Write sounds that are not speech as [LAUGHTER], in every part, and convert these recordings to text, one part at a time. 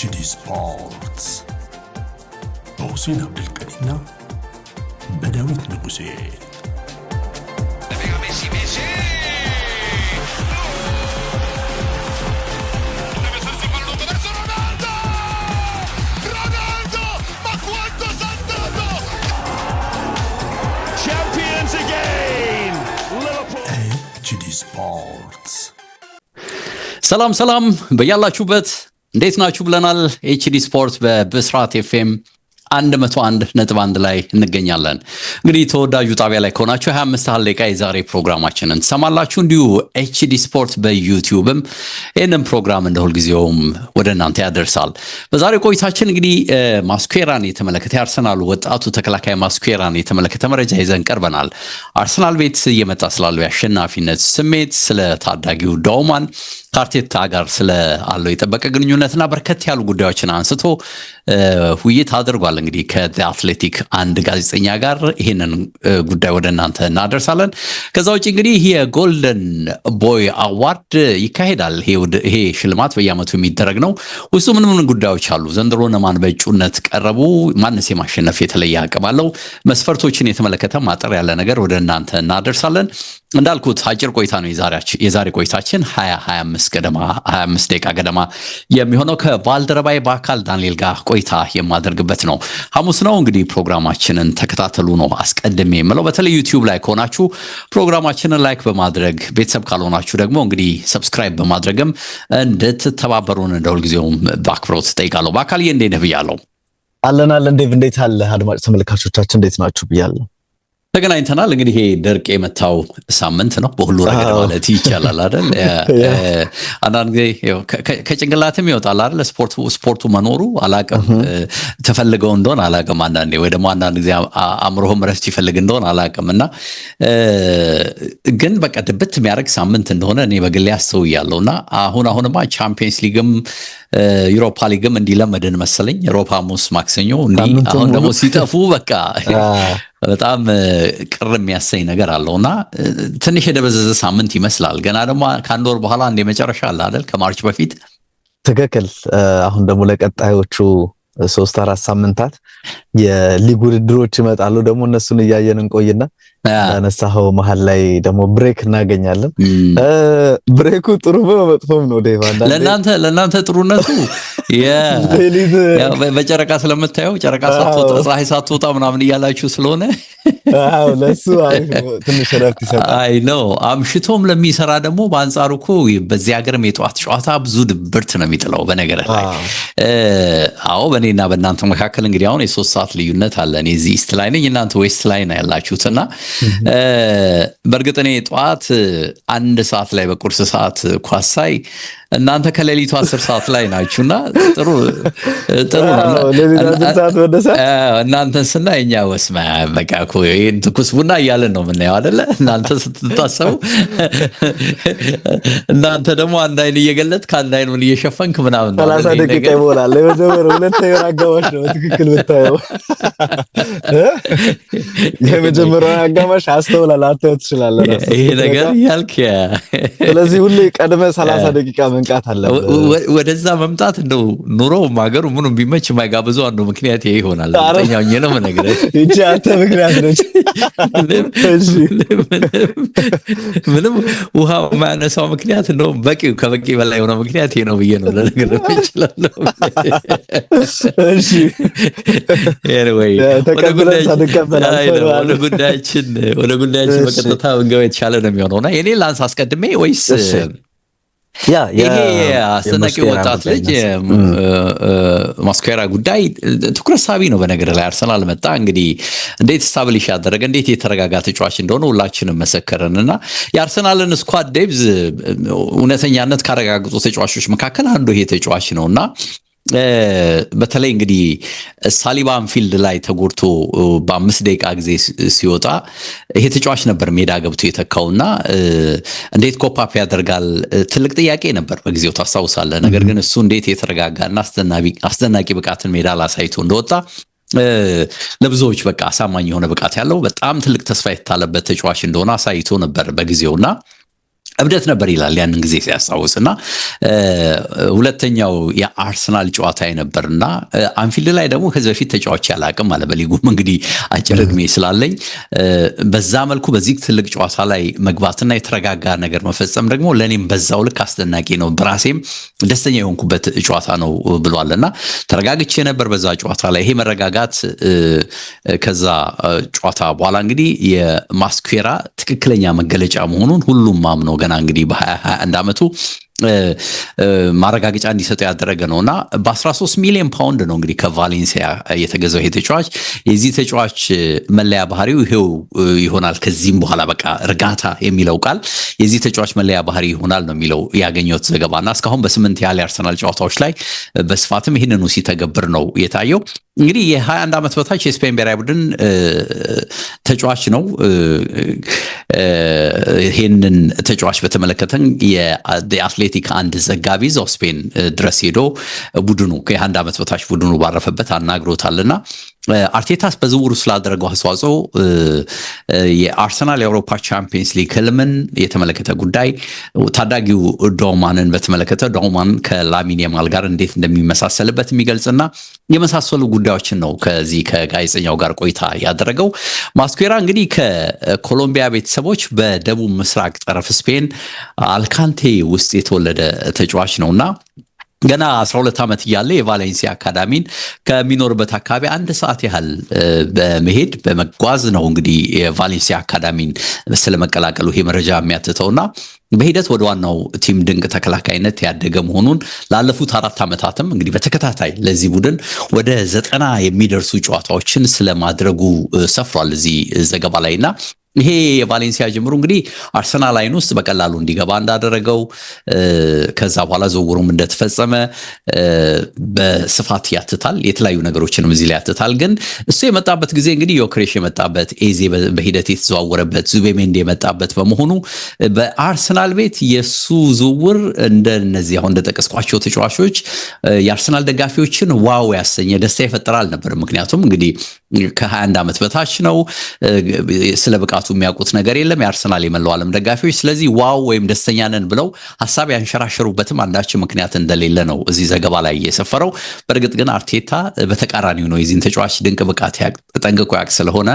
City ስፖርትስ በሁሴን አብደልቀኒና በዳዊት ንጉሴ ሰላም ሰላም በያላችሁበት እንዴት ናችሁ ብለናል። ኤችዲ ስፖርት በብስራት ኤፍኤም 101 ነጥብ አንድ ላይ እንገኛለን። እንግዲህ ተወዳጁ ጣቢያ ላይ ከሆናችሁ 25 ያህል ደቂቃ የዛሬ ፕሮግራማችንን ትሰማላችሁ። እንዲሁ ኤችዲ ስፖርት በዩቲዩብም ይህንን ፕሮግራም እንደ ሁልጊዜውም ወደ እናንተ ያደርሳል። በዛሬ ቆይታችን እንግዲህ ማስኩዌራን የተመለከተ የአርሰናሉ ወጣቱ ተከላካይ ማስኩዌራን የተመለከተ መረጃ ይዘን ቀርበናል። አርሰናል ቤት እየመጣ ስላለው የአሸናፊነት ስሜት፣ ስለ ታዳጊው ዳውማን ካርቴታ ጋር ስለ የጠበቀ ግንኙነትና በርከት ያሉ ጉዳዮችን አንስቶ ውይይት አድርጓል። እንግዲህ ከዚ አትሌቲክ አንድ ጋዜጠኛ ጋር ይህንን ጉዳይ ወደ እናንተ እናደርሳለን። ከዛ ውጭ እንግዲህ የጎልደን ቦይ አዋርድ ይካሄዳል። ይሄ ሽልማት በየዓመቱ የሚደረግ ነው። ውስጡ ምን ምን ጉዳዮች አሉ? ዘንድሮ ነማን በእጩነት ቀረቡ? ማንስ የማሸነፍ የተለየ አቅም አለው? መስፈርቶችን የተመለከተ ማጠር ያለ ነገር ወደ እናንተ እናደርሳለን። እንዳልኩት አጭር ቆይታ ነው የዛሬ ቆይታችን፣ 2025 25 ደቂቃ ገደማ የሚሆነው ከባልደረባይ በአካል ዳንኤል ጋር ቆይታ የማደርግበት ነው። ሐሙስ ነው እንግዲህ ፕሮግራማችንን ተከታተሉ ነው አስቀድሜ የምለው። በተለይ ዩቲዩብ ላይ ከሆናችሁ ፕሮግራማችንን ላይክ በማድረግ ቤተሰብ ካልሆናችሁ ደግሞ እንግዲህ ሰብስክራይብ በማድረግም እንድትተባበሩን እንደ ሁልጊዜውም በአክብሮት ጠይቃለሁ። በአካል እንዴት ነህ ብያለሁ። አለን አለን። እንዴት አለ? አድማጭ ተመልካቾቻችን እንዴት ናችሁ ብያለሁ። ተገናኝተናል። እንግዲህ ይሄ ድርቅ የመታው ሳምንት ነው በሁሉ ረገድ ማለት ይቻላል አይደል? [LAUGHS] አንዳንድ ጊዜ ከጭንቅላትም ይወጣል አይደል? ስፖርቱ ስፖርቱ መኖሩ አላቅም፣ ተፈልገው እንደሆን አላቅም፣ አንዳንዴ ወይ ደግሞ አንዳንድ ጊዜ አእምሮህም ረፍት ይፈልግ እንደሆን አላቅም። እና ግን በቃ ድብት የሚያደርግ ሳምንት እንደሆነ እኔ በግሌ አስተውያለሁ። እና አሁን አሁንማ ቻምፒየንስ ሊግም ዩሮፓ ሊግም እንዲለመድን መሰለኝ ሮፓ ሙስ ማክሰኞ እንዲህ አሁን ደግሞ ሲጠፉ በቃ [LAUGHS] በጣም ቅር የሚያሰኝ ነገር እና ትንሽ የደበዘዘ ሳምንት ይመስላል። ገና ደግሞ ከአንድ ወር በኋላ አንድ የመጨረሻ አለ አይደል? ከማርች በፊት ትክክል። አሁን ደግሞ ለቀጣዮቹ ሶስት አራት ሳምንታት የሊግ ውድድሮች ይመጣሉ። ደግሞ እነሱን እያየን እንቆይና ያነሳኸው መሀል ላይ ደግሞ ብሬክ እናገኛለን። ብሬኩ ጥሩ በመጥፎም ነው። ለእናንተ ለእናንተ ጥሩነቱ [LAUGHS] በጨረቃ ስለምታየው ጨረቃ ሳትወጣ ፀሐይ ሳትወጣ ምናምን እያላችሁ ስለሆነ [LAUGHS] ለሱ ትንሽ ረፍት ይሰጣል ነው። አምሽቶም ለሚሰራ ደግሞ በአንጻሩ እኮ በዚህ ሀገርም የጠዋት ጨዋታ ብዙ ድብርት ነው የሚጥለው። በነገር ላይ አዎ፣ በእኔና በእናንተ መካከል እንግዲህ አሁን የሶስት ሰዓት ልዩነት አለ። እኔ እዚህ ኢስት ላይ ነኝ፣ እናንተ ዌስት ላይ ነው ያላችሁትና በእርግጥ እኔ ጠዋት አንድ ሰዓት ላይ በቁርስ ሰዓት ኳስ ሳይ እናንተ ከሌሊቱ አስር ሰዓት ላይ ናችሁና ጥሩ ጥሩ እናንተን ስና እኛ ወስማ በቃ ይህን ትኩስ ቡና እያለን ነው የምናየው አደለ? እናንተ ስትታሰቡ እናንተ ደግሞ አንድ አይን እየገለጥ ከአንድ አይን ምን እየሸፈንክ ምናምን ሰላሳ ደቂቃ ይሞላል። የመጀመር ሁለተኛው አጋማሽ ነው ትክክል ብታየው [LAUGHS] የመጀመሪያ ቅድመሽ አስተውላ ላተ ትችላለ ይሄ ነገር ያልክ። ስለዚህ ሁሌ ቀድመ ሰላሳ ደቂቃ መንቃት አለ። ወደዛ መምጣት እንደው ኑሮውም ሀገሩ ምኑም ቢመች የማይጋብዙ አንዱ ምክንያት ይሆናል። ነው ነገር ይቺ አንተ ምክንያት ነች። ምንም ውሃ የማያነሳው ምክንያት እንደውም በቂ ከበቂ በላይ የሆነ ምክንያት ይሄ ነው ብዬ ነው ለነገር ይችላለሁ። ወደ ጉዳያችን በቀጥታ ብንገባ የተሻለ ነው የሚሆነው እና የኔ ላንስ አስቀድሜ ወይስ ያ ይሄ ወጣት ልጅ ማስኩዌራ ጉዳይ ትኩረት ሳቢ ነው። በነገር ላይ አርሰናል መጣ እንግዲህ እንዴት ስታብሊሽ ያደረገ እንዴት የተረጋጋ ተጫዋች እንደሆነ ሁላችንም መሰከረን እና የአርሰናልን ስኳድ ዴብዝ እውነተኛነት ካረጋግጡ ተጫዋቾች መካከል አንዱ ይሄ ተጫዋች ነው እና በተለይ እንግዲህ ሳሊባን ፊልድ ላይ ተጎድቶ በአምስት ደቂቃ ጊዜ ሲወጣ ይሄ ተጫዋች ነበር ሜዳ ገብቶ የተካውና እንዴት ኮፓፕ ያደርጋል ትልቅ ጥያቄ ነበር በጊዜው ታስታውሳለህ። ነገር ግን እሱ እንዴት የተረጋጋና አስደናቂ ብቃትን ሜዳ ላሳይቶ እንደወጣ ለብዙዎች በቃ አሳማኝ የሆነ ብቃት ያለው በጣም ትልቅ ተስፋ የታለበት ተጫዋች እንደሆነ አሳይቶ ነበር በጊዜውና እብደት ነበር ይላል ያንን ጊዜ ሲያስታውስ እና ሁለተኛው የአርሰናል ጨዋታ ነበር እና አንፊልድ ላይ ደግሞ ከዚህ በፊት ተጫዋች ያላቅም አለ በሊጉም እንግዲህ አጭር እድሜ ስላለኝ በዛ መልኩ በዚህ ትልቅ ጨዋታ ላይ መግባትና የተረጋጋ ነገር መፈጸም ደግሞ ለእኔም በዛው ልክ አስደናቂ ነው፣ በራሴም ደስተኛ የሆንኩበት ጨዋታ ነው ብሏል እና ተረጋግቼ ነበር በዛ ጨዋታ ላይ። ይሄ መረጋጋት ከዛ ጨዋታ በኋላ እንግዲህ የማስኩራ ትክክለኛ መገለጫ መሆኑን ሁሉም ማምነው ገና እንግዲህ በ21 ዓመቱ ማረጋገጫ እንዲሰጡ ያደረገ ነው እና በ13 ሚሊዮን ፓውንድ ነው እንግዲህ ከቫሌንሲያ የተገዛው ይሄ ተጫዋች። የዚህ ተጫዋች መለያ ባህሪው ይሄው ይሆናል። ከዚህም በኋላ በቃ እርጋታ የሚለው ቃል የዚህ ተጫዋች መለያ ባህሪ ይሆናል ነው የሚለው ያገኘሁት ዘገባ እና እስካሁን በስምንት ያህል የአርሰናል ጨዋታዎች ላይ በስፋትም ይህንኑ ሲተገብር ነው የታየው። እንግዲህ የ21 ዓመት በታች የስፔን ብሔራዊ ቡድን ተጫዋች ነው። ይህንን ተጫዋች በተመለከተን የአትሌቲክ አንድ ዘጋቢ እዛው ስፔን ድረስ ሄዶ ቡድኑ ከ21 ዓመት በታች ቡድኑ ባረፈበት አናግሮታልና አርቴታስ በዝውውሩ ስላደረገው አስተዋጽኦ የአርሰናል የአውሮፓ ቻምፒየንስ ሊግ ህልምን የተመለከተ ጉዳይ፣ ታዳጊው ዶማንን በተመለከተ ዶማን ከላሚን ያማል ጋር እንዴት እንደሚመሳሰልበት የሚገልጽና የመሳሰሉ ጉዳዮችን ነው ከዚህ ከጋዜጠኛው ጋር ቆይታ ያደረገው። ማስኩራ እንግዲህ ከኮሎምቢያ ቤተሰቦች በደቡብ ምስራቅ ጠረፍ ስፔን አልካንቴ ውስጥ የተወለደ ተጫዋች ነውና ገና 12 ዓመት እያለ የቫሌንሲያ አካዳሚን ከሚኖርበት አካባቢ አንድ ሰዓት ያህል በመሄድ በመጓዝ ነው እንግዲህ የቫሌንሲያ አካዳሚን ስለመቀላቀሉ ይሄ መረጃ የሚያትተውና በሂደት ወደ ዋናው ቲም ድንቅ ተከላካይነት ያደገ መሆኑን ላለፉት አራት ዓመታትም እንግዲህ በተከታታይ ለዚህ ቡድን ወደ ዘጠና የሚደርሱ ጨዋታዎችን ስለማድረጉ ሰፍሯል እዚህ ዘገባ እና ይሄ የቫሌንሲያ ጅምሩ እንግዲህ አርሰናል አይን ውስጥ በቀላሉ እንዲገባ እንዳደረገው ከዛ በኋላ ዝውውሩም እንደተፈጸመ በስፋት ያትታል። የተለያዩ ነገሮችንም እዚህ ላይ ያትታል። ግን እሱ የመጣበት ጊዜ እንግዲህ ዮክሬሽ የመጣበት፣ ኤዜ በሂደት የተዘዋወረበት፣ ዙቤሜንድ የመጣበት በመሆኑ በአርሰናል ቤት የእሱ ዝውውር እንደነዚህ አሁን እንደጠቀስኳቸው ተጫዋቾች የአርሰናል ደጋፊዎችን ዋው ያሰኘ ደስታ ይፈጠር አልነበርም። ምክንያቱም እንግዲህ ከ21 ዓመት በታች ነው። ስለ ብቃቱ የሚያውቁት ነገር የለም። የአርሰናል የመላው ዓለም ደጋፊዎች ስለዚህ ዋው ወይም ደስተኛ ነን ብለው ሀሳብ ያንሸራሸሩበትም አንዳቸው ምክንያት እንደሌለ ነው እዚህ ዘገባ ላይ የሰፈረው። በእርግጥ ግን አርቴታ በተቃራኒው ነው የዚህን ተጫዋች ድንቅ ብቃት ጠንቅቆ ያውቅ ስለሆነ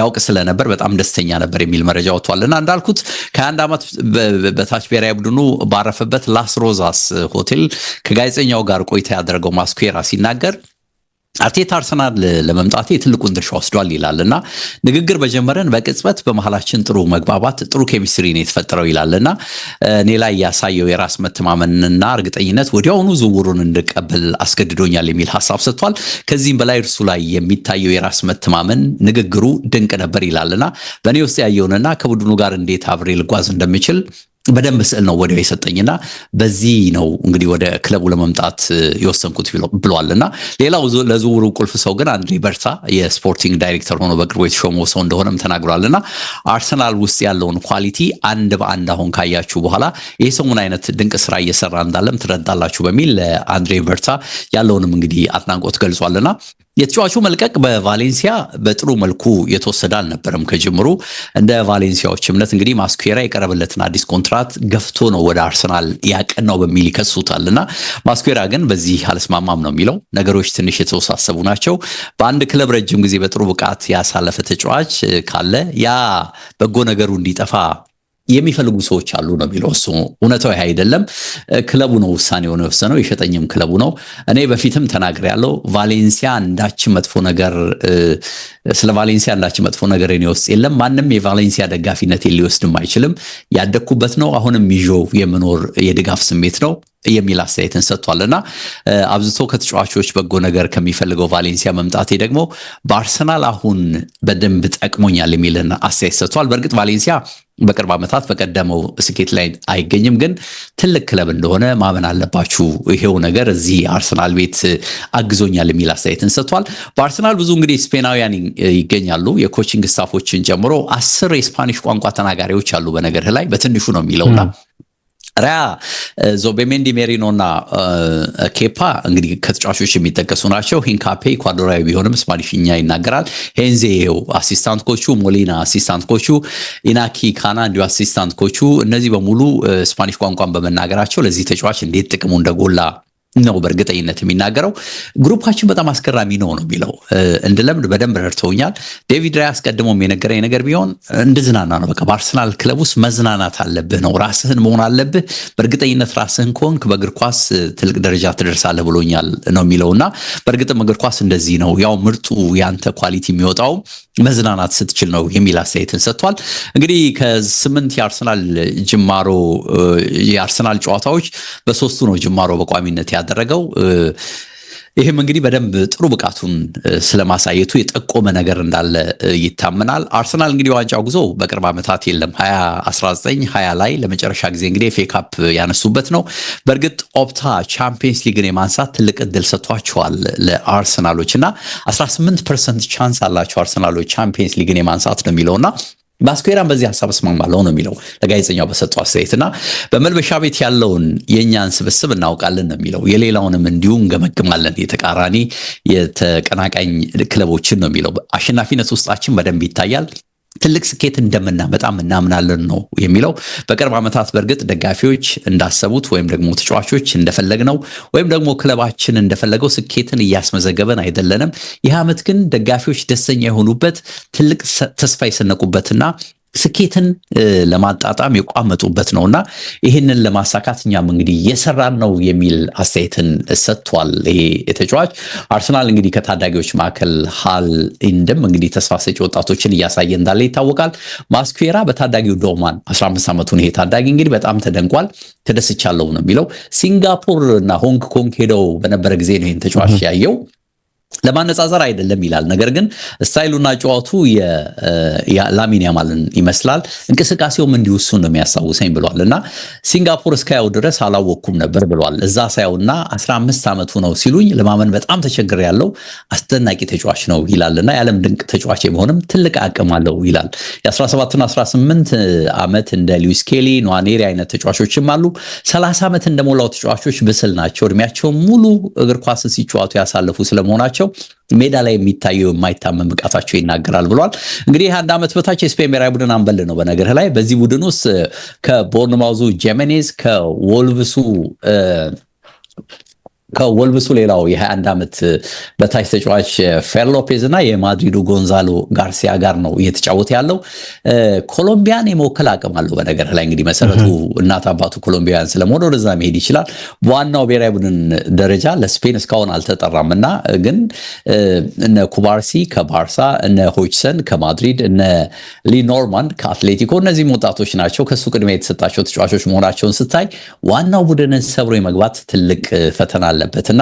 ያውቅ ስለነበር በጣም ደስተኛ ነበር የሚል መረጃ ወጥቷል። እና እንዳልኩት ከአንድ ዓመት በታች ብሔራዊ ቡድኑ ባረፈበት ላስ ሮዛስ ሆቴል ከጋዜጠኛው ጋር ቆይታ ያደረገው ማስኩዌራ ሲናገር አርቴት አርሰናል ለመምጣቴ ትልቁን ድርሻ ወስዷል ይላል እና ንግግር በጀመረን በቅጽበት በመሀላችን ጥሩ መግባባት፣ ጥሩ ኬሚስትሪ ነው የተፈጠረው ይላል እና እኔ ላይ ያሳየው የራስ መተማመንና እርግጠኝነት ወዲያውኑ ዝውውሩን እንድቀበል አስገድዶኛል የሚል ሀሳብ ሰጥቷል። ከዚህም በላይ እርሱ ላይ የሚታየው የራስ መተማመን ንግግሩ ድንቅ ነበር ይላል እና በእኔ ውስጥ ያየውንና ከቡድኑ ጋር እንዴት አብሬ ልጓዝ እንደሚችል በደንብ ስዕል ነው ወዲያው የሰጠኝና በዚህ ነው እንግዲህ ወደ ክለቡ ለመምጣት የወሰንኩት ብሏል። እና ሌላው ለዝውውሩ ቁልፍ ሰው ግን አንድሬ በርታ የስፖርቲንግ ዳይሬክተር ሆኖ በቅርቡ የተሾመው ሰው እንደሆነም ተናግሯል። እና አርሰናል ውስጥ ያለውን ኳሊቲ አንድ በአንድ አሁን ካያችሁ በኋላ ይህ ሰው ምን አይነት ድንቅ ስራ እየሰራ እንዳለም ትረዳላችሁ በሚል ለአንድሬ በርታ ያለውንም እንግዲህ አድናቆት ና። የተጫዋቹ መልቀቅ በቫሌንሲያ በጥሩ መልኩ የተወሰደ አልነበረም ከጅምሩ። እንደ ቫሌንሲያዎች እምነት እንግዲህ ማስኩዌራ የቀረበለትን አዲስ ኮንትራት ገፍቶ ነው ወደ አርሰናል ያቀናው በሚል ይከሱታል እና ማስኩዌራ ግን በዚህ አልስማማም ነው የሚለው። ነገሮች ትንሽ የተወሳሰቡ ናቸው። በአንድ ክለብ ረጅም ጊዜ በጥሩ ብቃት ያሳለፈ ተጫዋች ካለ ያ በጎ ነገሩ እንዲጠፋ የሚፈልጉ ሰዎች አሉ ነው የሚለው። እሱ እውነታዊ አይደለም። ክለቡ ነው ውሳኔ ውሳኔውን የወሰነው፣ የሸጠኝም ክለቡ ነው። እኔ በፊትም ተናግሬ ያለው ቫሌንሲያ እንዳች መጥፎ ነገር ስለ ቫሌንሲያ እንዳች መጥፎ ነገር እኔ ውስጥ የለም። ማንም የቫሌንሲያ ደጋፊነት ሊወስድም አይችልም። ያደግኩበት ነው። አሁንም ይዤው የመኖር የድጋፍ ስሜት ነው። የሚል አስተያየትን ሰጥቷል እና አብዝቶ ከተጫዋቾች በጎ ነገር ከሚፈልገው ቫሌንሲያ መምጣቴ ደግሞ በአርሰናል አሁን በደንብ ጠቅሞኛል የሚልን አስተያየት ሰጥቷል። በእርግጥ ቫሌንሲያ በቅርብ ዓመታት በቀደመው ስኬት ላይ አይገኝም፣ ግን ትልቅ ክለብ እንደሆነ ማመን አለባችሁ። ይሄው ነገር እዚህ አርሰናል ቤት አግዞኛል የሚል አስተያየትን ሰጥቷል። በአርሰናል ብዙ እንግዲህ ስፔናውያን ይገኛሉ፣ የኮችንግ ስታፎችን ጨምሮ አስር የስፓኒሽ ቋንቋ ተናጋሪዎች አሉ። በነገርህ ላይ በትንሹ ነው የሚለውና ሪያ ዞቤሜንዲ፣ ሜሪኖ እና ኬፓ እንግዲህ ከተጫዋቾች የሚጠቀሱ ናቸው። ሂንካፔ ኢኳዶራዊ ቢሆንም ስፓኒሽኛ ይናገራል። ሄንዜ ይኸው አሲስታንት ኮቹ፣ ሞሊና አሲስታንት ኮቹ፣ ኢናኪ ካና እንዲሁ አሲስታንት ኮቹ። እነዚህ በሙሉ ስፓኒሽ ቋንቋን በመናገራቸው ለዚህ ተጫዋች እንዴት ጥቅሙ እንደጎላ ነው በእርግጠኝነት የሚናገረው። ግሩፓችን በጣም አስገራሚ ነው ነው የሚለው እንድለምድ በደንብ ረድተውኛል። ዴቪድ ራይ አስቀድሞም የነገረኝ ነገር ቢሆን እንድዝናና ነው። በቃ በአርሰናል ክለብ ውስጥ መዝናናት አለብህ ነው፣ ራስህን መሆን አለብህ። በእርግጠኝነት ራስህን ከሆንክ በእግር ኳስ ትልቅ ደረጃ ትደርሳለህ ብሎኛል ነው የሚለው እና በእርግጥም እግር ኳስ እንደዚህ ነው። ያው ምርጡ ያንተ ኳሊቲ የሚወጣው መዝናናት ስትችል ነው የሚል አስተያየትን ሰጥቷል። እንግዲህ ከስምንት የአርሰናል ጅማሮ የአርሰናል ጨዋታዎች በሶስቱ ነው ጅማሮ በቋሚነት ያደረገው። ይህም እንግዲህ በደንብ ጥሩ ብቃቱን ስለማሳየቱ የጠቆመ ነገር እንዳለ ይታመናል። አርሰናል እንግዲህ ዋንጫ ጉዞ በቅርብ ዓመታት የለም 2019 20 ላይ ለመጨረሻ ጊዜ እንግዲህ ኤፍኤ ካፕ ያነሱበት ነው። በእርግጥ ኦፕታ ቻምፒየንስ ሊግን የማንሳት ትልቅ እድል ሰጥቷቸዋል ለአርሰናሎች እና 18 ፐርሰንት ቻንስ አላቸው አርሰናሎች ቻምፒየንስ ሊግን የማንሳት ነው የሚለውና ቫስኩዌራን በዚህ ሀሳብ እስማማለሁ ነው የሚለው ለጋዜጠኛው በሰጠው አስተያየት እና በመልበሻ ቤት ያለውን የእኛን ስብስብ እናውቃለን ነው የሚለው የሌላውንም እንዲሁ እንገመግማለን፣ የተቃራኒ የተቀናቃኝ ክለቦችን ነው የሚለው አሸናፊነት ውስጣችን በደንብ ይታያል። ትልቅ ስኬት እንደምናመጣ እናምናለን ነው የሚለው። በቅርብ ዓመታት በእርግጥ ደጋፊዎች እንዳሰቡት ወይም ደግሞ ተጫዋቾች እንደፈለግነው ወይም ደግሞ ክለባችን እንደፈለገው ስኬትን እያስመዘገበን አይደለንም። ይህ ዓመት ግን ደጋፊዎች ደስተኛ የሆኑበት ትልቅ ተስፋ የሰነቁበትና ስኬትን ለማጣጣም የቋመጡበት ነውና ይህንን ለማሳካት እኛም እንግዲህ የሰራን ነው የሚል አስተያየትን ሰጥቷል። ይሄ ተጫዋች አርሰናል እንግዲህ ከታዳጊዎች መካከል ሃል ኢንድም እንግዲህ ተስፋ ሰጪ ወጣቶችን እያሳየ እንዳለ ይታወቃል። ማስኩዌራ በታዳጊው ዶማን 15 ዓመቱን ይሄ ታዳጊ እንግዲህ በጣም ተደንቋል። ተደስቻለሁ ነው የሚለው። ሲንጋፖር እና ሆንግ ኮንግ ሄደው በነበረ ጊዜ ነው ይህን ተጫዋች ያየው። ለማነጻጸር አይደለም ይላል። ነገር ግን ስታይሉና ጨዋቱ ላሚን ያማልን ይመስላል። እንቅስቃሴውም እንዲሁ እሱን ነው የሚያስታውሰኝ ብሏል እና ሲንጋፖር እስካየው ድረስ አላወቅኩም ነበር ብሏል። እዛ ሳየውና 15 ዓመቱ ነው ሲሉኝ ለማመን በጣም ተቸግር ያለው አስደናቂ ተጫዋች ነው ይላል እና የዓለም ድንቅ ተጫዋች የመሆንም ትልቅ አቅም አለው ይላል። የ17ና 18 ዓመት እንደ ሉዊስ ኬሊ፣ ኗኔሪ አይነት ተጫዋቾችም አሉ። 30 ዓመት እንደሞላው ተጫዋቾች ብስል ናቸው። እድሜያቸው ሙሉ እግር ኳስን ሲጫዋቱ ያሳለፉ ስለመሆናቸው ናቸው። ሜዳ ላይ የሚታዩ የማይታመም ብቃታቸው ይናገራል ብሏል። እንግዲህ አንድ ዓመት በታች የስፔን ብሔራዊ ቡድን አንበል ነው። በነገር ላይ በዚህ ቡድን ውስጥ ከቦርንማውዙ ጀመኔዝ ከወልቭሱ ከወልብሱ ሌላው የ21 ዓመት በታች ተጫዋች ፌር ሎፔዝ እና የማድሪዱ ጎንዛሎ ጋርሲያ ጋር ነው እየተጫወተ ያለው። ኮሎምቢያን የመወከል አቅም አለው። በነገር ላይ እንግዲህ መሰረቱ እናት አባቱ ኮሎምቢያን ስለመሆነ ወደዛ መሄድ ይችላል። በዋናው ብሔራዊ ቡድን ደረጃ ለስፔን እስካሁን አልተጠራም እና ግን እነ ኩባርሲ ከባርሳ እነ ሆችሰን ከማድሪድ እነ ሊኖርማን ከአትሌቲኮ እነዚህም ወጣቶች ናቸው ከእሱ ቅድሚያ የተሰጣቸው ተጫዋቾች መሆናቸውን ስታይ ዋናው ቡድንን ሰብሮ የመግባት ትልቅ ፈተና አለበት እና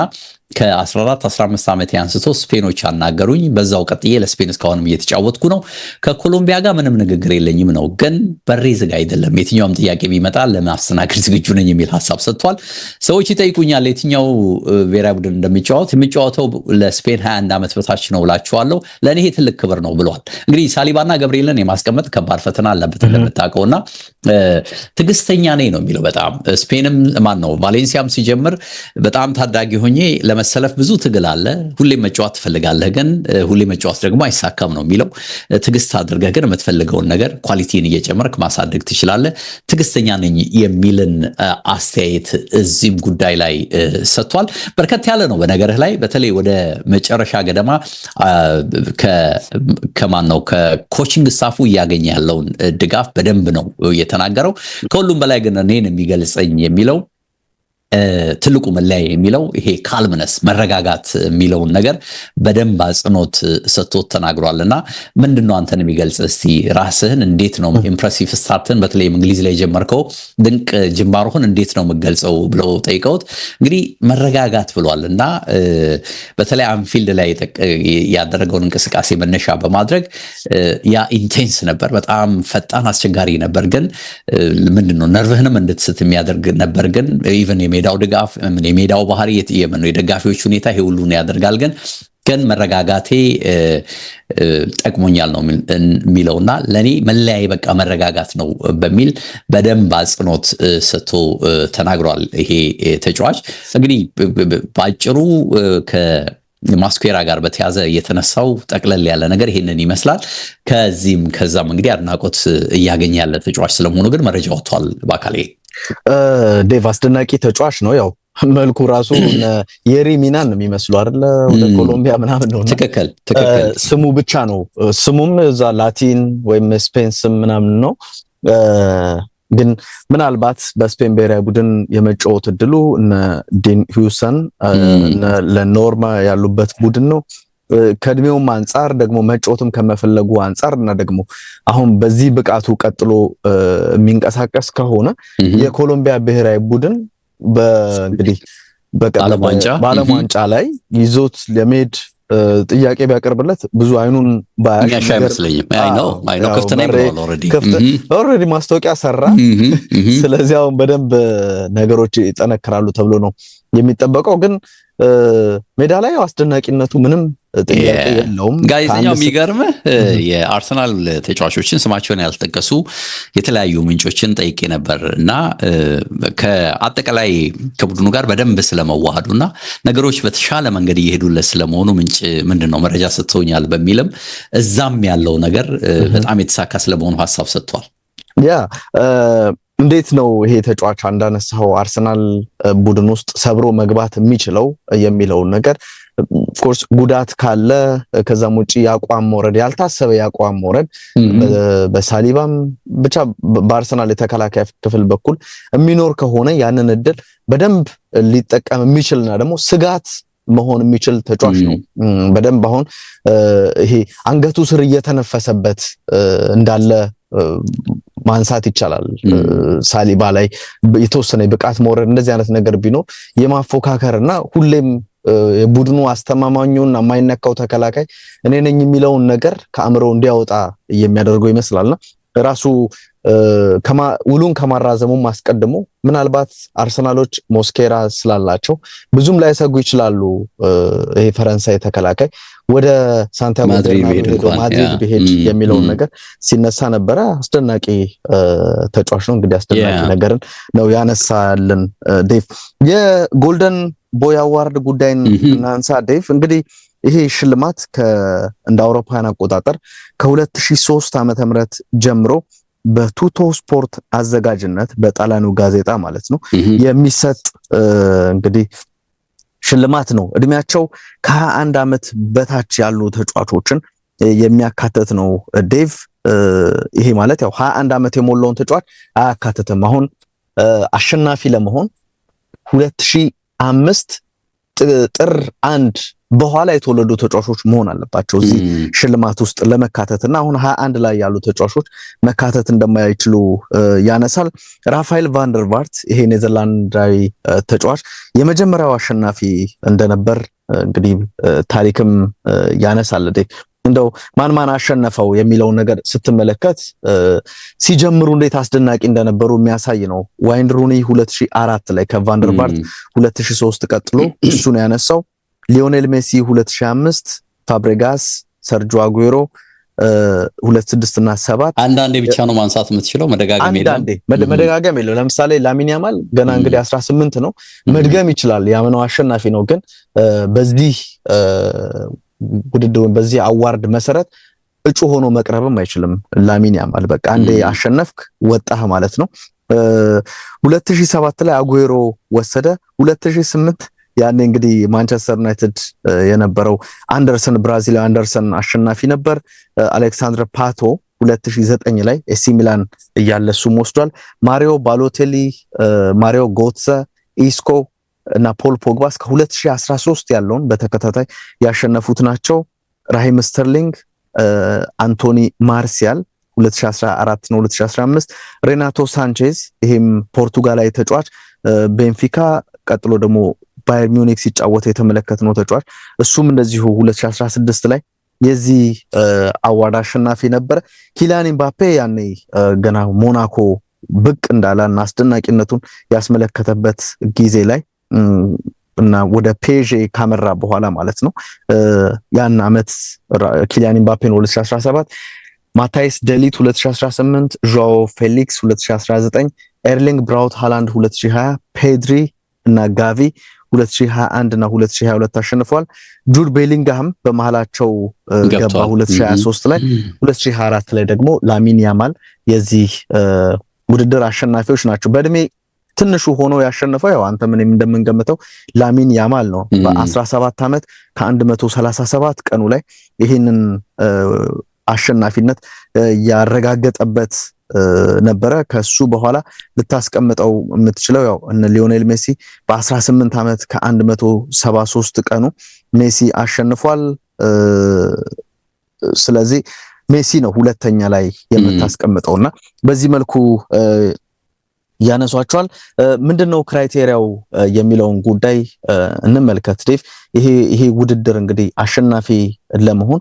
ከ14 15 ዓመት አንስቶ ስፔኖች አናገሩኝ። በዛው ቀጥዬ ለስፔን እስካሁንም እየተጫወትኩ ነው። ከኮሎምቢያ ጋር ምንም ንግግር የለኝም ነው፣ ግን በሬ ዝግ አይደለም። የትኛውም ጥያቄ ቢመጣ ለማስተናገድ ዝግጁ ነኝ የሚል ሀሳብ ሰጥቷል። ሰዎች ይጠይቁኛል የትኛው ብሔራዊ ቡድን እንደሚጫወት። የሚጫወተው ለስፔን 21 ዓመት በታች ነው ላቸዋለሁ። ለእኔ ይሄ ትልቅ ክብር ነው ብለዋል። እንግዲህ ሳሊባና ገብርኤልን የማስቀመጥ ከባድ ፈተና አለበት እና ትግስተኛ ነኝ ነው የሚለው በጣም ስፔንም ማን ነው ቫሌንሲያም ሲጀምር በጣም ታዳጊ ሆኜ ለመሰለፍ ብዙ ትግል አለ። ሁሌም መጫወት ትፈልጋለህ፣ ግን ሁሌ መጫወት ደግሞ አይሳካም ነው የሚለው። ትግስት አድርገህ ግን የምትፈልገውን ነገር ኳሊቲን እየጨመርክ ማሳደግ ትችላለህ። ትግስተኛ ነኝ የሚልን አስተያየት እዚህም ጉዳይ ላይ ሰጥቷል። በርከት ያለ ነው በነገርህ ላይ በተለይ ወደ መጨረሻ ገደማ ከማን ነው ከኮችንግ ስታፉ እያገኘ ያለውን ድጋፍ በደንብ ነው የተናገረው። ከሁሉም በላይ ግን እኔን የሚገልጸኝ የሚለው ትልቁ መለያ የሚለው ይሄ ካልምነስ መረጋጋት የሚለውን ነገር በደንብ አጽንኦት ሰጥቶት ተናግሯል። እና ምንድነው አንተን የሚገልጽ እስቲ ራስህን እንዴት ነው ኢምፕሬሲቭ ስታርትን በተለይ እንግሊዝ ላይ የጀመርከው ድንቅ ጅማሮህን እንዴት ነው የምገልጸው ብለው ጠይቀውት እንግዲህ መረጋጋት ብሏል። እና በተለይ አንፊልድ ላይ ያደረገውን እንቅስቃሴ መነሻ በማድረግ ያ ኢንቴንስ ነበር፣ በጣም ፈጣን አስቸጋሪ ነበር፣ ግን ምንድነው ነርቭህንም እንድትስት የሚያደርግ ነበር፣ ግን ኢቨን የሜዳው ድጋፍ፣ የሜዳው ባህሪ፣ የደጋፊዎች ሁኔታ ይሄ ሁሉ ያደርጋል። ግን ግን መረጋጋቴ ጠቅሞኛል ነው የሚለውና ለእኔ መለያይ በቃ መረጋጋት ነው በሚል በደንብ አጽንኦት ሰጥቶ ተናግሯል። ይሄ ተጫዋች እንግዲህ በአጭሩ ማስኩዌራ ጋር በተያዘ የተነሳው ጠቅለል ያለ ነገር ይሄንን ይመስላል። ከዚህም ከዛም እንግዲህ አድናቆት እያገኘ ያለ ተጫዋች ስለመሆኑ ግን መረጃ ወጥቷል። በአካል ዴቭ አስደናቂ ተጫዋች ነው። ያው መልኩ ራሱ የሪ ሚናን ነው የሚመስሉ አይደለ? ወደ ኮሎምቢያ ምናምን ነው። ትክክል ትክክል። ስሙ ብቻ ነው ስሙም እዛ ላቲን ወይም ስፔን ስም ምናምን ነው። ግን ምናልባት በስፔን ብሔራዊ ቡድን የመጫወት እድሉ እነ ዲን ሂውሰን ለኖርማ ያሉበት ቡድን ነው። ከእድሜውም አንጻር ደግሞ መጫወትም ከመፈለጉ አንጻር እና ደግሞ አሁን በዚህ ብቃቱ ቀጥሎ የሚንቀሳቀስ ከሆነ የኮሎምቢያ ብሔራዊ ቡድን በእንግዲህ በዓለም ዋንጫ ላይ ይዞት ለመሄድ ጥያቄ ቢያቀርብለት ብዙ አይኑን ባያሽ ማስታወቂያ ሰራ። ስለዚህ አሁን በደንብ ነገሮች ይጠነክራሉ ተብሎ ነው የሚጠበቀው ግን ሜዳ ላይ አስደናቂነቱ ምንም ጥያቄ የለውም። ጋዜጠኛው የሚገርምህ የአርሰናል ተጫዋቾችን ስማቸውን ያልጠቀሱ የተለያዩ ምንጮችን ጠይቄ ነበር እና ከአጠቃላይ ከቡድኑ ጋር በደንብ ስለመዋሃዱ እና ነገሮች በተሻለ መንገድ እየሄዱለት ስለመሆኑ ምንጭ ምንድን ነው መረጃ ሰጥቶኛል በሚልም እዛም ያለው ነገር በጣም የተሳካ ስለመሆኑ ሀሳብ ሰጥቷል። ያ እንዴት ነው ይሄ ተጫዋች እንዳነሳው አርሰናል ቡድን ውስጥ ሰብሮ መግባት የሚችለው የሚለውን ነገር ኦፍኮርስ ጉዳት ካለ ከዛም ውጭ የአቋም መውረድ ያልታሰበ የአቋም መውረድ በሳሊባም ብቻ በአርሰናል የተከላካይ ክፍል በኩል የሚኖር ከሆነ ያንን እድል በደንብ ሊጠቀም የሚችልና ደግሞ ስጋት መሆን የሚችል ተጫዋች ነው። በደንብ አሁን ይሄ አንገቱ ስር እየተነፈሰበት እንዳለ ማንሳት ይቻላል። ሳሊባ ላይ የተወሰነ የብቃት መውረድ እንደዚህ አይነት ነገር ቢኖር የማፎካከር እና ሁሌም የቡድኑ አስተማማኙና የማይነካው ተከላካይ እኔ ነኝ የሚለውን ነገር ከአእምሮ እንዲያወጣ የሚያደርገው ይመስላልና ራሱ ውሉን ከማራዘሙም አስቀድሞ ምናልባት አርሰናሎች ሞስኬራ ስላላቸው ብዙም ላይሰጉ ይችላሉ። ይሄ ፈረንሳይ ተከላካይ ወደ ሳንቲያጎ ማድሪድ ብሄድ የሚለውን ነገር ሲነሳ ነበረ። አስደናቂ ተጫዋች ነው። እንግዲህ አስደናቂ ነገርን ነው ያነሳልን ዴቭ። የጎልደን ቦይ አዋርድ ጉዳይን እናንሳ ዴቭ። እንግዲህ ይሄ ሽልማት እንደ አውሮፓውያን አቆጣጠር ከ2003 ዓመተ ምህረት ጀምሮ በቱቶ ስፖርት አዘጋጅነት በጣሊያኑ ጋዜጣ ማለት ነው የሚሰጥ እንግዲህ ሽልማት ነው። እድሜያቸው ከ21 ዓመት በታች ያሉ ተጫዋቾችን የሚያካተት ነው። ዴቭ ይሄ ማለት ያው 21 ዓመት የሞላውን ተጫዋች አያካትትም። አሁን አሸናፊ ለመሆን 2005 ጥር አንድ በኋላ የተወለዱ ተጫዋቾች መሆን አለባቸው እዚህ ሽልማት ውስጥ ለመካተትና አሁን ሀያ አንድ ላይ ያሉ ተጫዋቾች መካተት እንደማይችሉ ያነሳል። ራፋኤል ቫንደርቫርት ይሄ ኔዘርላንዳዊ ተጫዋች የመጀመሪያው አሸናፊ እንደነበር እንግዲህ ታሪክም ያነሳል። እንደው ማን ማን አሸነፈው የሚለውን ነገር ስትመለከት ሲጀምሩ እንዴት አስደናቂ እንደነበሩ የሚያሳይ ነው። ዋይን ሩኒ 2004 ላይ ከቫንደርቫርት 2003 ቀጥሎ [CLEARS THROAT] እሱን ያነሳው። ሊዮኔል ሜሲ 2005 ፋብሬጋስ ሰርጆ አጉይሮ 26 እና 7 አንዳንዴ ብቻ ነው ማንሳት የምትችለው መደጋገም የለውም መደጋገም የለውም ለምሳሌ ላሚን ያማል ገና እንግዲህ 18 ነው መድገም ይችላል ያምነው አሸናፊ ነው ግን በዚህ ውድድር በዚህ አዋርድ መሰረት እጩ ሆኖ መቅረብም አይችልም ላሚን በቃ አንዴ አሸነፍክ ወጣህ ማለት ነው 2007 ላይ አጉሮ ወሰደ 2008 ያኔ እንግዲህ ማንቸስተር ዩናይትድ የነበረው አንደርሰን ብራዚል አንደርሰን አሸናፊ ነበር። አሌክሳንድር ፓቶ 2009 ላይ ኤሲ ሚላን እያለ እሱም ወስዷል። ማሪዮ ባሎቴሊ፣ ማሪዮ ጎትሰ፣ ኢስኮ እና ፖል ፖግባ እስከ 2013 ያለውን በተከታታይ ያሸነፉት ናቸው። ራሂም ስተርሊንግ፣ አንቶኒ ማርሲያል 2014 ነው 2015 ሬናቶ ሳንቼዝ ይሄም ፖርቱጋላዊ ተጫዋች ቤንፊካ ቀጥሎ ደግሞ ባየር ሚኒክ ሲጫወት የተመለከትነው ተጫዋች እሱም እንደዚሁ 2016 ላይ የዚህ አዋርድ አሸናፊ ነበረ። ኪሊያን ኢምባፔ ያኔ ገና ሞናኮ ብቅ እንዳለ እና አስደናቂነቱን ያስመለከተበት ጊዜ ላይ እና ወደ ፔዤ ካመራ በኋላ ማለት ነው። ያን አመት ኪሊያን ኢምባፔን 2017 ማታይስ ደሊት 2018፣ ዣኦ ፌሊክስ 2019፣ ኤርሊንግ ብራውት ሃላንድ 2020፣ ፔድሪ እና ጋቪ 2021 እና 2022 አሸንፏል። ጁድ ቤሊንግሃም በመሃላቸው ገባ 2023 ላይ 2024 ላይ ደግሞ ላሚን ያማል የዚህ ውድድር አሸናፊዎች ናቸው። በእድሜ ትንሹ ሆኖ ያሸነፈው ያው አንተ ምንም እንደምንገምተው ላሚን ያማል ነው። በ17 ዓመት ከ137 ቀኑ ላይ ይህንን አሸናፊነት ያረጋገጠበት ነበረ። ከሱ በኋላ ልታስቀምጠው የምትችለው ያው እነ ሊዮኔል ሜሲ በ18 ዓመት ከ173 ቀኑ ሜሲ አሸንፏል። ስለዚህ ሜሲ ነው ሁለተኛ ላይ የምታስቀምጠው እና በዚህ መልኩ ያነሷቸዋል። ምንድን ነው ክራይቴሪያው የሚለውን ጉዳይ እንመልከት ዴቭ። ይሄ ውድድር እንግዲህ አሸናፊ ለመሆን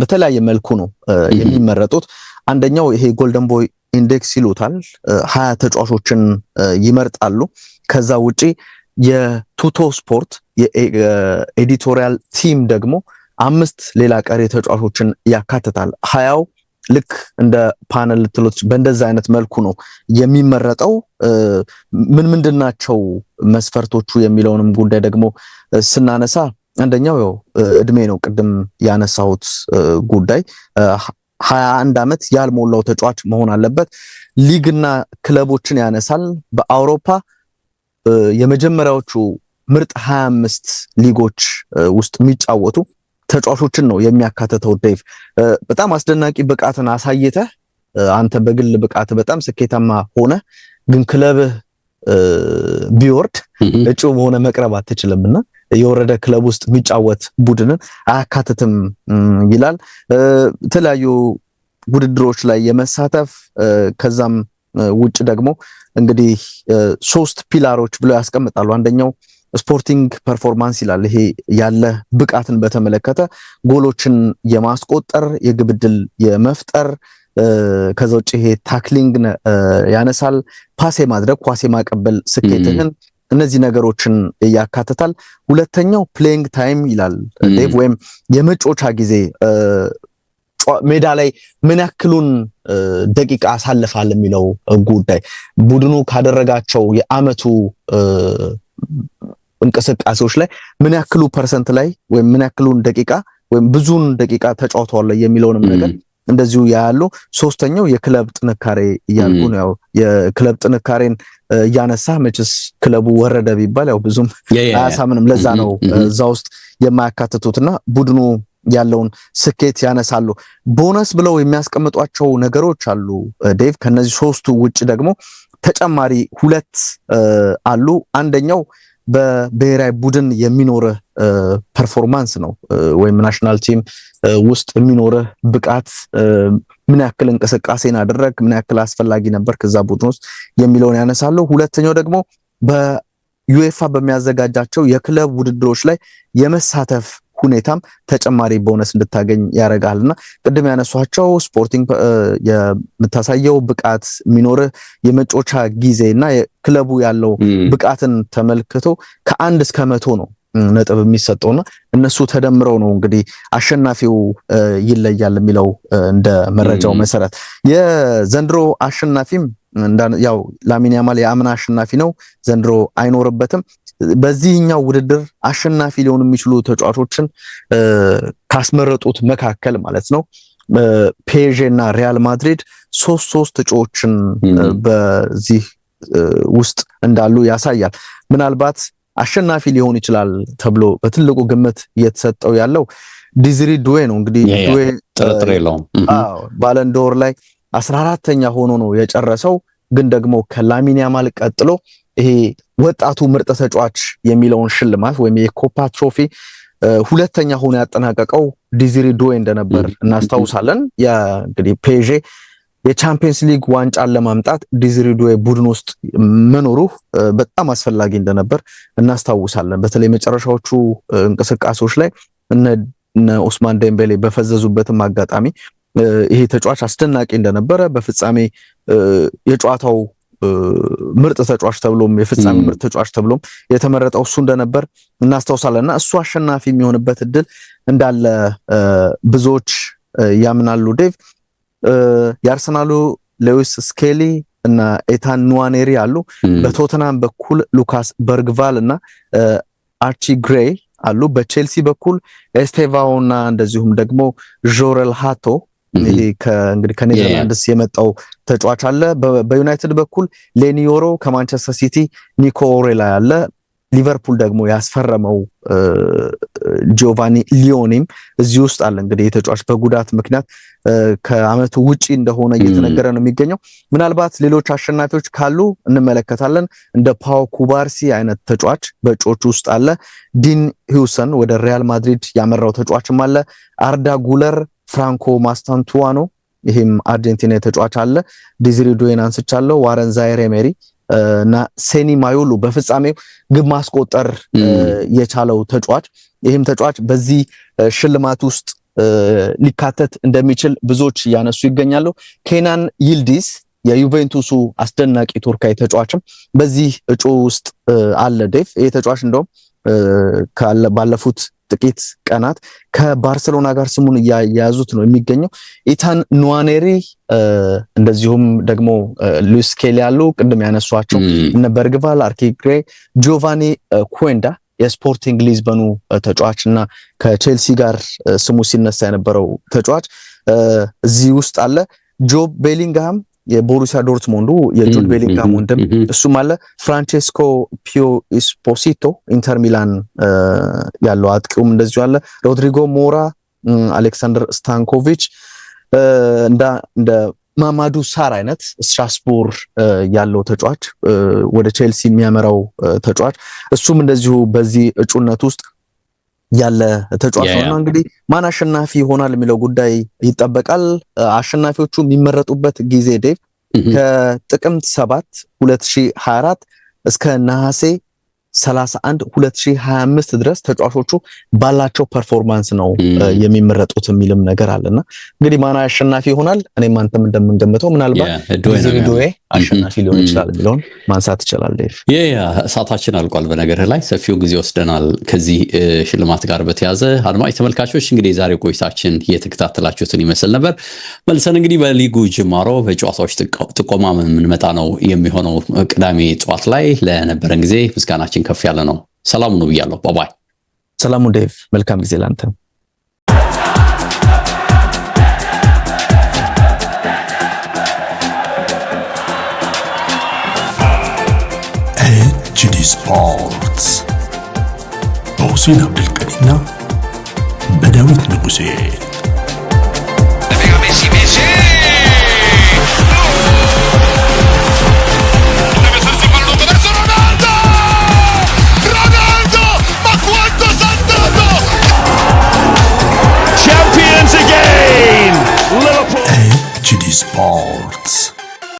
በተለያየ መልኩ ነው የሚመረጡት። አንደኛው ይሄ ጎልደን ቦይ ኢንዴክስ ይሉታል። ሀያ ተጫዋቾችን ይመርጣሉ። ከዛ ውጪ የቱቶ ስፖርት የኤዲቶሪያል ቲም ደግሞ አምስት ሌላ ቀሪ ተጫዋቾችን ያካትታል። ሀያው ልክ እንደ ፓነል ልትሎች በእንደዚ አይነት መልኩ ነው የሚመረጠው። ምን ምንድናቸው መስፈርቶቹ የሚለውንም ጉዳይ ደግሞ ስናነሳ አንደኛው ያው እድሜ ነው። ቅድም ያነሳሁት ጉዳይ 21 አመት ዓመት ያልሞላው ተጫዋች መሆን አለበት። ሊግና ክለቦችን ያነሳል። በአውሮፓ የመጀመሪያዎቹ ምርጥ 25 ሊጎች ውስጥ የሚጫወቱ ተጫዋቾችን ነው የሚያካተተው ዴቭ በጣም አስደናቂ ብቃትን አሳይተ አንተ በግል ብቃት በጣም ስኬታማ ሆነ፣ ግን ክለብህ ቢወርድ እጩ ሆነ መቅረብ አትችልምና የወረደ ክለብ ውስጥ የሚጫወት ቡድንን አያካትትም ይላል። የተለያዩ ውድድሮች ላይ የመሳተፍ ከዛም ውጭ ደግሞ እንግዲህ ሶስት ፒላሮች ብለው ያስቀምጣሉ። አንደኛው ስፖርቲንግ ፐርፎርማንስ ይላል። ይሄ ያለ ብቃትን በተመለከተ ጎሎችን የማስቆጠር የግብ ዕድል የመፍጠር ከዛ ውጭ ይሄ ታክሊንግ ያነሳል። ፓስ ማድረግ ኳሴ የማቀበል ስኬትህን እነዚህ ነገሮችን ያካትታል። ሁለተኛው ፕሌይንግ ታይም ይላል ዴቭ፣ ወይም የመጮቻ ጊዜ ሜዳ ላይ ምን ያክሉን ደቂቃ አሳልፋል የሚለው ጉዳይ ቡድኑ ካደረጋቸው የአመቱ እንቅስቃሴዎች ላይ ምን ያክሉ ፐርሰንት ላይ ወይም ምን ያክሉን ደቂቃ ወይም ብዙን ደቂቃ ተጫውተዋል የሚለውንም ነገር እንደዚሁ ያያሉ። ሶስተኛው የክለብ ጥንካሬ እያልኩ ነው። ያው የክለብ ጥንካሬን እያነሳ መችስ ክለቡ ወረደ ቢባል ያው ብዙም አያሳምንም። ለዛ ነው እዛ ውስጥ የማያካትቱትና ቡድኑ ያለውን ስኬት ያነሳሉ። ቦነስ ብለው የሚያስቀምጧቸው ነገሮች አሉ ዴቭ። ከነዚህ ሶስቱ ውጭ ደግሞ ተጨማሪ ሁለት አሉ። አንደኛው በብሔራዊ ቡድን የሚኖርህ ፐርፎርማንስ ነው ወይም ናሽናል ቲም ውስጥ የሚኖርህ ብቃት ምን ያክል እንቅስቃሴን አደረግ፣ ምን ያክል አስፈላጊ ነበር ከዛ ቡድን ውስጥ የሚለውን ያነሳለሁ። ሁለተኛው ደግሞ በዩኤፋ በሚያዘጋጃቸው የክለብ ውድድሮች ላይ የመሳተፍ ሁኔታም ተጨማሪ ቦነስ እንድታገኝ ያደርጋል እና ቅድም ያነሷቸው ስፖርቲንግ የምታሳየው ብቃት የሚኖርህ የመጮቻ ጊዜ እና ክለቡ ያለው ብቃትን ተመልክቶ ከአንድ እስከ መቶ ነው ነጥብ የሚሰጠውና እነሱ ተደምረው ነው እንግዲህ አሸናፊው ይለያል የሚለው እንደ መረጃው መሰረት የዘንድሮ አሸናፊም ያው ላሚን ያማል የአምና አሸናፊ ነው፣ ዘንድሮ አይኖርበትም። በዚህኛው ውድድር አሸናፊ ሊሆኑ የሚችሉ ተጫዋቾችን ካስመረጡት መካከል ማለት ነው ፔዤ እና ሪያል ማድሪድ ሶስት ሶስት እጩዎችን በዚህ ውስጥ እንዳሉ ያሳያል። ምናልባት አሸናፊ ሊሆን ይችላል ተብሎ በትልቁ ግምት እየተሰጠው ያለው ዲዝሪ ዱዌ ነው። እንግዲህ ዱዌ ጥርጥር የለውም ባለንዶር ላይ አስራ አራተኛ ሆኖ ነው የጨረሰው። ግን ደግሞ ከላሚን ያማል ቀጥሎ ይሄ ወጣቱ ምርጥ ተጫዋች የሚለውን ሽልማት ወይም የኮፓ ትሮፊ ሁለተኛ ሆኖ ያጠናቀቀው ዲዝሪ ዱዌ እንደነበር እናስታውሳለን። እንግዲህ ፔዤ የቻምፒየንስ ሊግ ዋንጫን ለማምጣት ዲዝሪዶዌ ቡድን ውስጥ መኖሩ በጣም አስፈላጊ እንደነበር እናስታውሳለን። በተለይ መጨረሻዎቹ እንቅስቃሴዎች ላይ እነ ኦስማን ደምቤሌ በፈዘዙበትም አጋጣሚ ይሄ ተጫዋች አስደናቂ እንደነበረ በፍጻሜ የጨዋታው ምርጥ ተጫዋች ተብሎም የፍጻሜ ምርጥ ተጫዋች ተብሎም የተመረጠው እሱ እንደነበር እናስታውሳለን እና እሱ አሸናፊ የሚሆንበት እድል እንዳለ ብዙዎች ያምናሉ ዴቭ የአርሰናሉ ሌዊስ ስኬሊ እና ኤታን ኑዋኔሪ አሉ። በቶተናም በኩል ሉካስ በርግቫል እና አርቺ ግሬይ አሉ። በቼልሲ በኩል ኤስቴቫው እና እንደዚሁም ደግሞ ዦረል ሃቶ ይሄ ከኔዘርላንድስ የመጣው ተጫዋች አለ። በዩናይትድ በኩል ሌኒዮሮ ከማንቸስተር ሲቲ፣ ኒኮ ኦሬላ ያለ ሊቨርፑል ደግሞ ያስፈረመው ጂዮቫኒ ሊዮኔም እዚህ ውስጥ አለ። እንግዲህ የተጫዋች በጉዳት ምክንያት ከአመቱ ውጪ እንደሆነ እየተነገረ ነው የሚገኘው። ምናልባት ሌሎች አሸናፊዎች ካሉ እንመለከታለን። እንደ ፓው ኩባርሲ አይነት ተጫዋች በእጩዎች ውስጥ አለ። ዲን ሂውሰን ወደ ሪያል ማድሪድ ያመራው ተጫዋችም አለ። አርዳ ጉለር፣ ፍራንኮ ማስታንቱዋኖ ይህም አርጀንቲና የተጫዋች አለ። ዲዝሪ ዶዌን አንስቻለሁ። ዋረን ዛይሬ ሜሪ እና ሴኒ ማዮሉ በፍጻሜው ግብ ማስቆጠር የቻለው ተጫዋች ይህም ተጫዋች በዚህ ሽልማት ውስጥ ሊካተት እንደሚችል ብዙዎች እያነሱ ይገኛሉ። ኬናን ይልዲስ የዩቬንቱሱ አስደናቂ ቱርካዊ ተጫዋችም በዚህ እጩ ውስጥ አለ። ዴፍ ይህ ተጫዋች እንደውም ባለፉት ጥቂት ቀናት ከባርሰሎና ጋር ስሙን እያያዙት ነው የሚገኘው። ኢታን ኑዋኔሪ እንደዚሁም ደግሞ ሉዊስ ስኬሊ ያሉ ቅድም ያነሷቸው እነ በርግቫል፣ አርኪግሬ፣ ጆቫኒ ኩዌንዳ የስፖርቲንግ ሊዝበኑ ተጫዋች እና ከቼልሲ ጋር ስሙ ሲነሳ የነበረው ተጫዋች እዚህ ውስጥ አለ። ጆብ ቤሊንግሃም የቦሩሲያ ዶርትሞንዱ የጁድ ቤሊንጋም ወንድም እሱም አለ። ፍራንቼስኮ ፒዮ ኢስፖሲቶ ኢንተር ሚላን ያለው አጥቂውም እንደዚሁ አለ። ሮድሪጎ ሞራ፣ አሌክሳንደር ስታንኮቪች እንደ ማማዱ ሳር አይነት ስትራስቡር ያለው ተጫዋች ወደ ቼልሲ የሚያመራው ተጫዋች እሱም እንደዚሁ በዚህ እጩነት ውስጥ ያለ ተጫዋች እና እንግዲህ ማን አሸናፊ ይሆናል የሚለው ጉዳይ ይጠበቃል። አሸናፊዎቹ የሚመረጡበት ጊዜ ዴቭ ከጥቅምት ሰባት 2024 እስከ ነሐሴ 31 2025 ድረስ ተጫዋቾቹ ባላቸው ፐርፎርማንስ ነው የሚመረጡት የሚልም ነገር አለና እንግዲህ ማና አሸናፊ ይሆናል። እኔም አንተም እንደምንገምተው ምናልባት አሸናፊ ሊሆን ይችላል የሚለውን ማንሳት ይችላል። ያ እሳታችን አልቋል። በነገር ላይ ሰፊው ጊዜ ወስደናል። ከዚህ ሽልማት ጋር በተያዘ አድማጭ ተመልካቾች እንግዲህ የዛሬ ቆይታችን የተከታተላችሁትን ይመስል ነበር። መልሰን እንግዲህ በሊጉ ጅማሮ በጨዋታዎች ጥቆማ የምንመጣ ነው የሚሆነው። ቅዳሜ ጠዋት ላይ ለነበረን ጊዜ ምስጋናችን ከፍ ያለ ነው። ሰላም ነው ብያለሁ። ባባይ ሰላሙ ዴቭ፣ መልካም ጊዜ ላንተ። ኤችዲ ስፖርት በሁሴን አብዱልቀኒና በዳዊት ንጉሴ Sports.